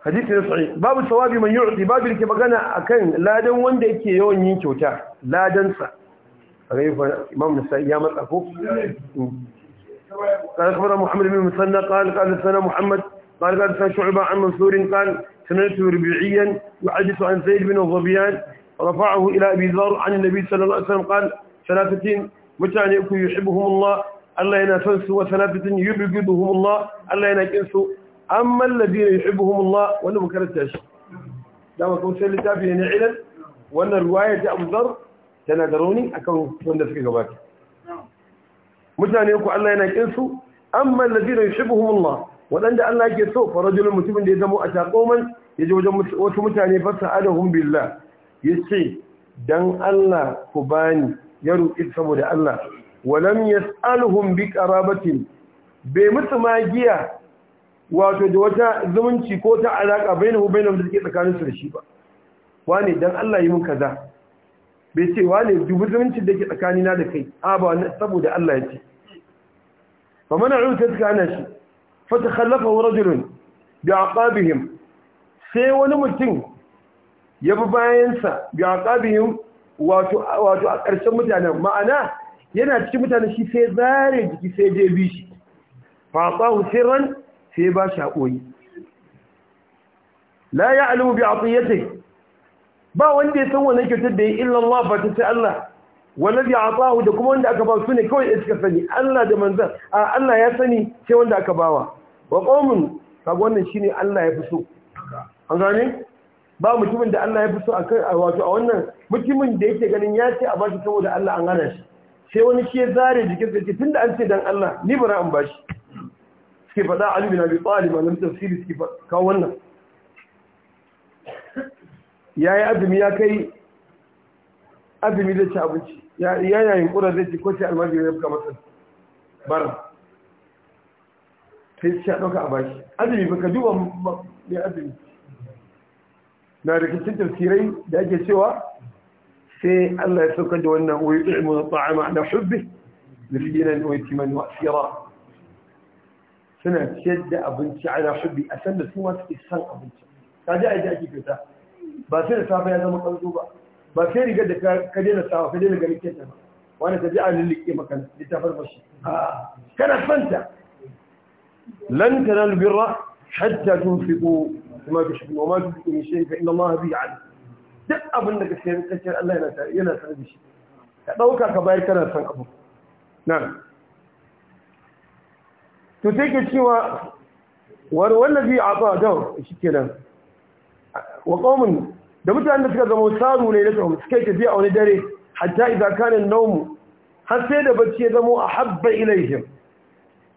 hadisi na tsari, babu sawabi yi rufi babu rike magana akan ladan wanda yake yawan yin kyauta ladan sa ga imam nasai ya matsa ko قال أخبرنا محمد بن مسنى قال قال سنة محمد قال قال سنة شعبة عن منصور قال سمعت ربيعيا يحدث عن سيد بن الظبيان رفعه إلى أبي ذر عن النبي صلى الله عليه وسلم قال ثلاثة متعني يكون يحبهم الله الله ينافس وثلاثة يبغضهم الله الله ينكنس أما الذين يحبهم الله وأنا مكرتاش دام كون سيد التابعين علل وأن رواية أبو ذر تنادروني أكون وأن في جوابك mutane ku Allah yana kin su amma allazina yushibuhumullah wadanda Allah yake so fa rajulun mutumin da ya zama a takoman yaje wajen wasu mutane fa sa'adahum billah yace dan Allah ku bani ya roki saboda Allah walam yas'aluhum bi qarabatin bai mutu giya wato da wata zumunci ko ta alaka bainahu bainahum da take tsakanin su da shi ba wani dan Allah yi mun kaza bai ce wani dubu zumuncin da ke tsakanina da kai a ba saboda Allah ya ce fa ta tazka ana shi fa takhallafa rajulun bi aqabihim sai wani mutum ya bi bayansa bi aqabihim wato a ƙarshen mutanen ma'ana yana cikin mutanen shi sai zare jiki sai je bi shi fa sirran sai ba shi haƙoyi la ya'lamu bi atiyatihi ba wanda ya san wannan kyautar da ya illa Allah ta sai Allah wallazi atahu da kuma wanda aka ba su ne kawai da suka sani Allah da manzan a Allah ya sani sai wanda aka bawa wa qaumun kaga wannan shine Allah ya fi so an gane ba mutumin da Allah ya fi so akan wato a wannan mutumin da yake ganin ya ce a bashi saboda Allah an gane shi sai wani shi ya zare jikin sa ce tunda an ce dan Allah ni bara an bashi suke faɗa Ali bin Abi Talib malam tafsiri suke kawo wannan yayi azumi ya kai azumi zai ci abinci ya yana yunkurar zai ci ko ce almajiri ya fuka masa bara sai ci a ɗauka a bashi azumi ba ka duba mai azumi na da cikin tafsirai da ake cewa sai Allah ya saukar da wannan wai ilmu ta'ama ala hubbi da miskinan wa yatiman wa asira suna ciyar da abinci ala hubbi a san da su ma suke san abinci kaje a ji ake fita ba sai da safe ya zama kanzo ba ba sai rigar da ka daina sawa ka daina ganin kenta ba wani ta ji a lullike maka littafar mashi kana fanta lan tanalu birra hatta tunfiqu kuma ka shigo ma duk in shi ka inna Allah bi ali duk abin da ka sai ka ce Allah yana tare yana tare shi ka dauka ka bayar kana san abu nan to sai ke cewa war wallazi ata daw shikenan wa qaumun da mutane da suka zama saru ne na tsohon suka yi tafiya a wani dare hatta idza kanin naumu. har sai da bacci ya zama a habba ilaihim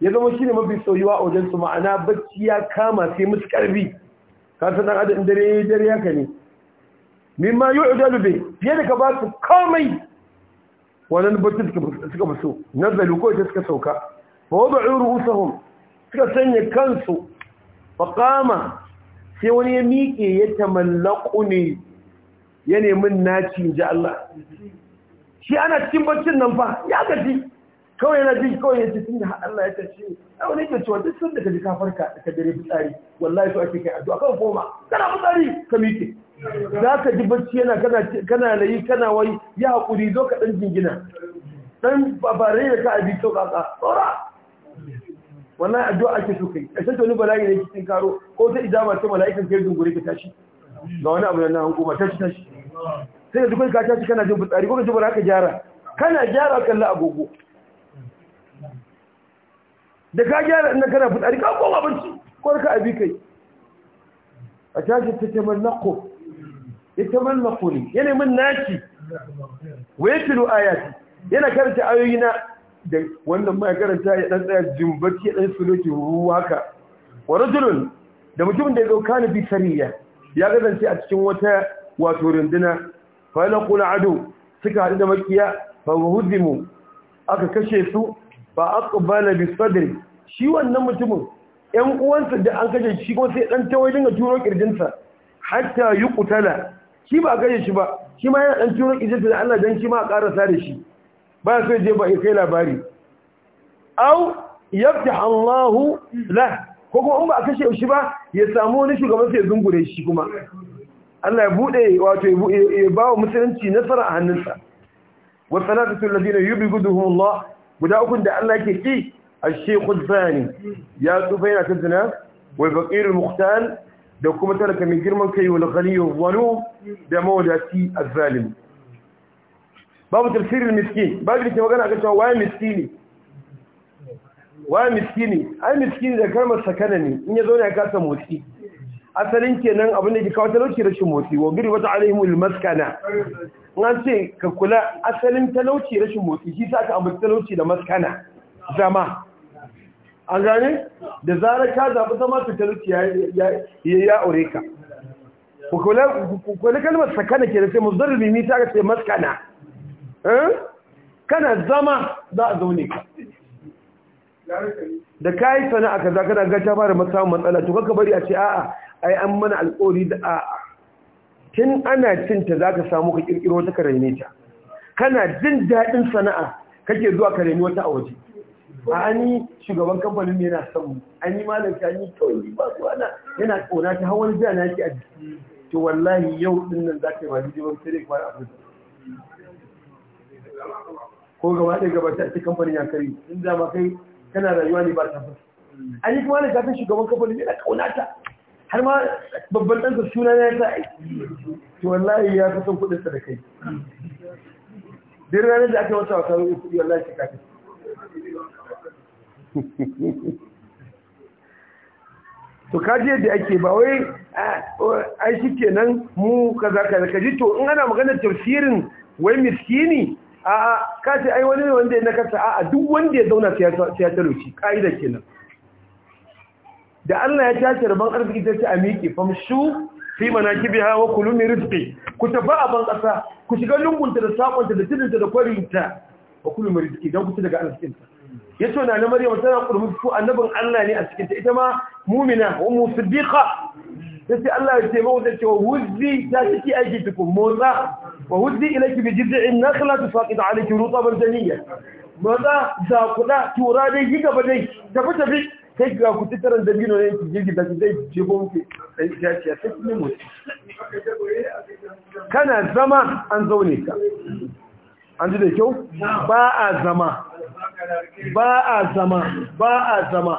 ya zama shine mafi soyuwa a wajen su ma'ana bacci ya kama sai musu karbi ka san dan adadin dare dare haka ne mimma yu'dalu bi fiye da ka ba su komai wannan bacci suka fi so nazalu ko suka sauka Ba ba'in ruhu sahun. suka sanya kansu Ba kama. sai wani ya miƙe ya tamallaku ne ya nemin naci in ji Allah shi ana cikin baccin nan fa ya gaji kawai yana jin kawai ya ce sun da Allah ya tashi ai wani ke cewa duk sun da kaji kafarka ka dare tsari. wallahi su ake kai addu'a kan koma kana tsari ka miƙe za ka ji bacci yana kana kana layi kana wai ya haƙuri zo ka ɗan jingina ɗan babarai da ka abin kyau kaka tsora wannan addu'a ake so kai a san wani bala'i ne cikin karo ko sai idama ta mala'ikan kai dungure ka tashi ga wani abu nan hukuma tashi tashi sai ka dukkan ka tashi kana jin fitsari ko ka ji ba ka gyara kana gyara kallon agogo da ka gyara ina kana fitsari ka koma barci ko ka abi kai a tashi ta ita ya tamannaqo ne yana min naci wa yatlu ayati yana karanta ayoyina da wannan ma ya karanta ya dan tsaya jimbaci ya dan suloki ruwa ka wa rajulun da mutumin da ya zo kana bi sariya ya kasance a cikin wata wato runduna fa la qul adu suka hadu da makiya fa wahudimu aka kashe su ba aqbala bi sadri shi wannan mutumin ƴan uwansa da an kashe shi ko sai dan tawai dinga turo kirjinsa hatta yuqtala shi ba kashe shi ba shi ma yana dan turo kirjinsa da Allah dan shi ma a karasa da shi ba sai je ba kai labari au yaftah Allahu la ko kuma in ba a kashe shi ba ya samu wani shugaban sai zungure shi kuma Allah ya bude wato ya ba wa musulunci nasara a hannunsa wa salatu alladhina yubghiduhum Allah guda uku da Allah yake ki wa الثاني يا ta تزنا والفقير المختال ده كما تلك من جرمان كي والغني da ده az-zalim babu tafsirin miskin babu da ke magana ga cewa waye miskini waye miskini ai miskini da kalmar sakana ne in ya zo ne ya kasa motsi asalin kenan abin da ke kawo talauci rashin motsi wa giri wata alaihimul maskana an ce ka kula asalin talauci rashin motsi shi sa ka ambata talauci da maskana zama an gane da zarar ka zaɓi zama ta talauci ya aure ka kula kalmar sakana ke da sai muzarri mimi ta sai maskana Eh? kana zama za a zaune ka da kayi sana'a kaza kana ga ta fara samun matsala to kaka bari a ce a'a ai an mana alƙori da a'a tun ana cinta ta ka samu ka kirkiro wata karene ta kana jin daɗin sana'a kake zuwa karami wata a waje a ani shugaban kamfanin ne yana samu. an yi malam an ni kawai ba su ana yana kona ta hawan jiya na ki a to wallahi yau din nan za ka yi ma jijiyar sai dai kwana a ko gaba ɗaya gaba ta ce kamfanin ya kari in dama kai kana rayuwa ne ba ta fi an yi kuma da kafin shugaban kamfanin yana kaunata har ma babban ɗansa suna na ya sa aiki to wallahi ya fi son kuɗinsa da kai duk ranar da aka wata wasa wani kuɗi wallahi shi kafin to kaje yadda ake ba wai ah, ai shi kenan mu kaza kaza kaji to in ana maganar tafsirin wai miskini a'a ka ce ai wani wanda ya nakasa a'a duk wanda ya zauna sai ya talauci ka'ida kenan da Allah ya tace rabon arziki ta ce a miƙe famshu fi manakibiha wa kulu min rizqi ku tafi a ban ƙasa ku shiga lungunta da saƙonta da tilinta da kwarinta wa kulu min rizqi dan ku ci daga arzikin ta yace na na Maryam tana kurmi ko annabin Allah ne a cikin ta ita ma mu'mina wa musiddiqa sai Allah ya ce mu da wa wuzzi ta ciki aiki tukun motsa وهدي إليك بجذع النخلة تساقط عليك zama an zaune ka an ji kyau ba a zama ba a zama ba a zama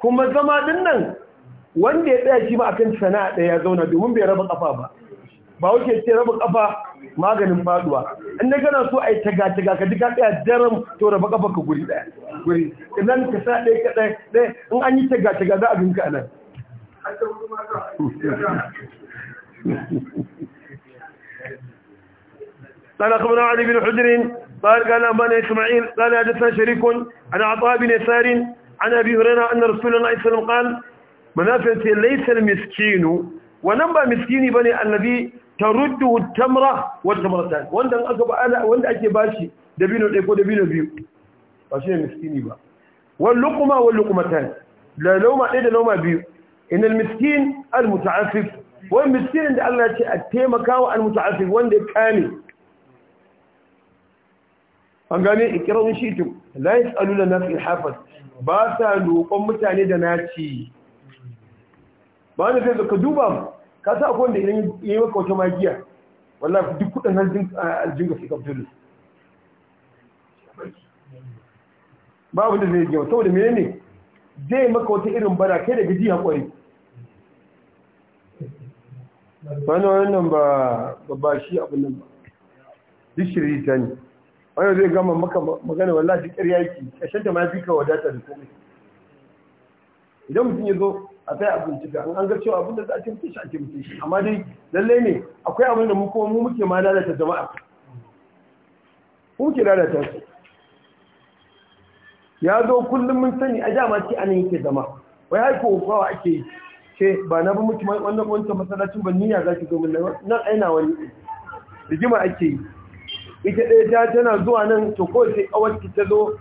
kuma zama din nan wanda ya tsaya shi a akan sana'a ɗaya ya zauna domin bai raba ƙafa ba ba wuce ce raba kafa maganin faduwa in dai kana so ai taga taga ka duka tsaya daram to raba kafa ka guri daya guri idan ka sa ɗaya ka ɗaya in an yi taga taga za a binka anan قال أخبرنا علي بن حجر قال قال أبانا إسماعيل قال حدثنا شريك عن عطاء بن يسار عن أبي هريرة رسول الله صلى الله عليه وسلم قال منافع ليس المسكين مسكين بني الذي taruddu tamra wa tamratan wanda aka ba ana wanda ake bashi dabino ɗaya ko dabino biyu ba shi ne miskini ba wal luqma wal luqmatan la lawma ɗaya da lawma biyu inal miskin al muta'affif wal miskin da Allah ya ce a taimaka wa al muta'affif wanda ya kame an gane ikirarun shitu la yasalu lana fi hafaz ba sa roƙon mutane da naci ba ne sai ka duba ka sa akwai wanda idan ya yi maka wata magiya wallah duk kudin aljin ah, ga fika fito babu da zai gyawa saboda mene ne zai maka wata irin bara kai da gaji haƙwari wani wannan ba ba shi abin nan ba duk shirin ta ne wani zai gama maka magana wallahi ƙarya yake ƙashin ta ma fi kawo wadata da komai idan mutum ya zo a sai a bincika an ga cewa abin da za a ce mutum shi ake mutum shi amma dai lalle ne akwai abin da mu kuma mu muke ma lalata jama'a mu muke lalata su ya zo kullum mun sani a jama'a ce anan yake zama wai haiko kowa ake yi ce ba na bi muke wannan wancan masallacin ban niyya za ki zo min nan aina wani rigima ake yi ita ɗaya ta tana zuwa nan to ko sai kawar ta zo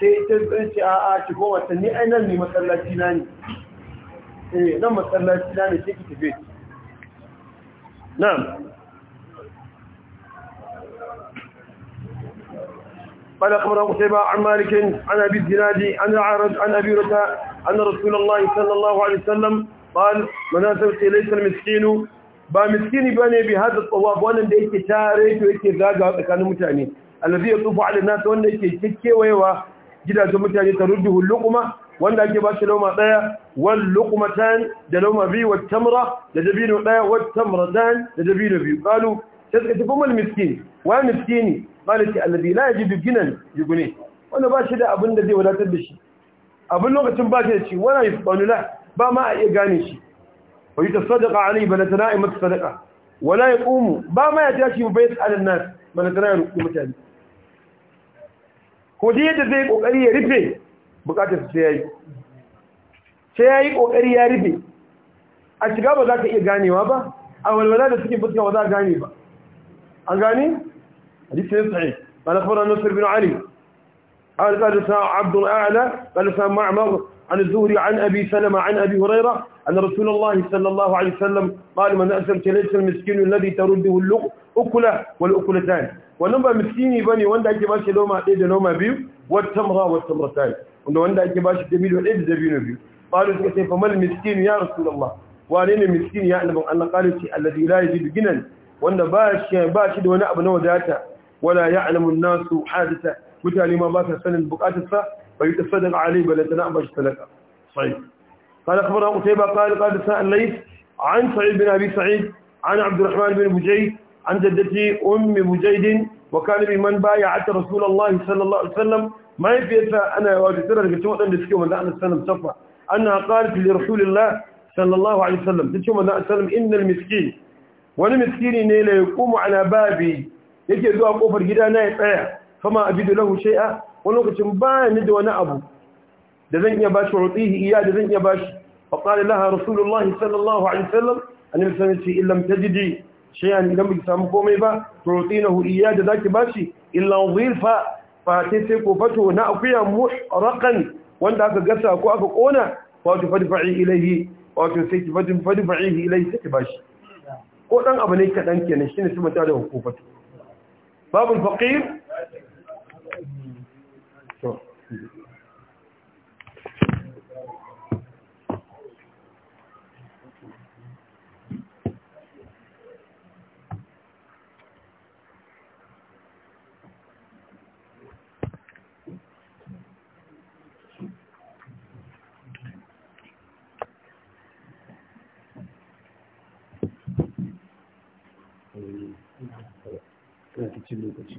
sai ta tsanci a'a ki ko ta ainihin ne masallaci na ne eh nan masallaci na ne take tafe na'am قال أخبر قتيبة عن مالك عن أبي الزناد عن أبي رتاء أن رسول الله صلى الله عليه وسلم قال مناسبتي ليس المسكين ba miskini bane bi hada tsawaf wannan da yake ta to yake zagawa tsakanin mutane allazi yatufu ala nas wanda yake kekkewayewa gidajen mutane tarudduhu kuma. wanda ake ba shi lauma ɗaya wal luqmatan da lauma biyu wat tamra da dabino ɗaya wat tamratan da dabino biyu qalu sai ta kuma miskin wa miskini malati alladhi la yajidu ginan yugune wanda ba shi da abin da zai wadatar da shi abin lokacin ba shi da shi wala yafanu la ba ma a iya gane shi wa yutasaddaqa alayhi balatana imat sadaqa wala yaqumu ba ma ya tashi mu bayt alan nas balatana ya ruku mutane ko dai da zai kokari ya rufe bukatar sai yayi sai yayi kokari ya rufe a shiga ba za ka iya ganewa ba a walwala da fuska ba za ka gane ba an gane hadisi ne sahih قال اخبرنا نصر بن علي قال قال عبد الاعلى قال معمر عن الزهري عن أبي سلمة عن أبي هريرة أن رسول الله صلى الله عليه وسلم قال من اسلم كليس المسكين الذي ترده اللق أكلة والأكلتان ونبى مسكيني بني وانت أجب لوما أيد لوما بيو والتمرة والتمرتان wanda wanda ake ba shi dabino ɗaya da na biyu qalu suka ce fa mal miskin ya rasu da rasulullah wane ne miskin ya annabin Allah qalu ce alladhi la yajidu ginan wanda ba shi ba da wani abu na wadata wala ya an-nasu hadisa mutane ma ba sa sanin bukatarsa bai tasaddaq alai bala tana ba shi talaka sai قال أخبرنا قتيبة ba قال سأل ليث عن سعيد بن أبي سعيد عن عبد الرحمن bin بجيد عن جدتي أم مجيد وكان بمن بايعت رسول الله صلى الله عليه وسلم ما يفيد أنا واجترى لكتوة أن نسكي ومن دعنا السلام صفا أنها قالت لرسول الله صلى الله عليه وسلم تشوف من السلام إن المسكين وأنا مسكين لا يقوم على بابي yake zuwa kofar gida na ya tsaya fama abidu lahu shay'a wani lokacin ba ni da wani abu da zan iya bashi rutihi iya da zan iya bashi fa qala laha rasulullahi sallallahu alaihi tajidi shayani idan bai samu komai ba tu'tinahu iyya da zaki bashi illa dhilfa fa sai sai ko fato na akuya muhraqan wanda aka gasa ko aka kona wato fadfa'i ilayhi wato sai ki fadin fadfa'ihi ilayhi sai ki bashi ko dan abu ne kadan kenan shine sai mata da hukufatu babul faqir kana ta cin lokaci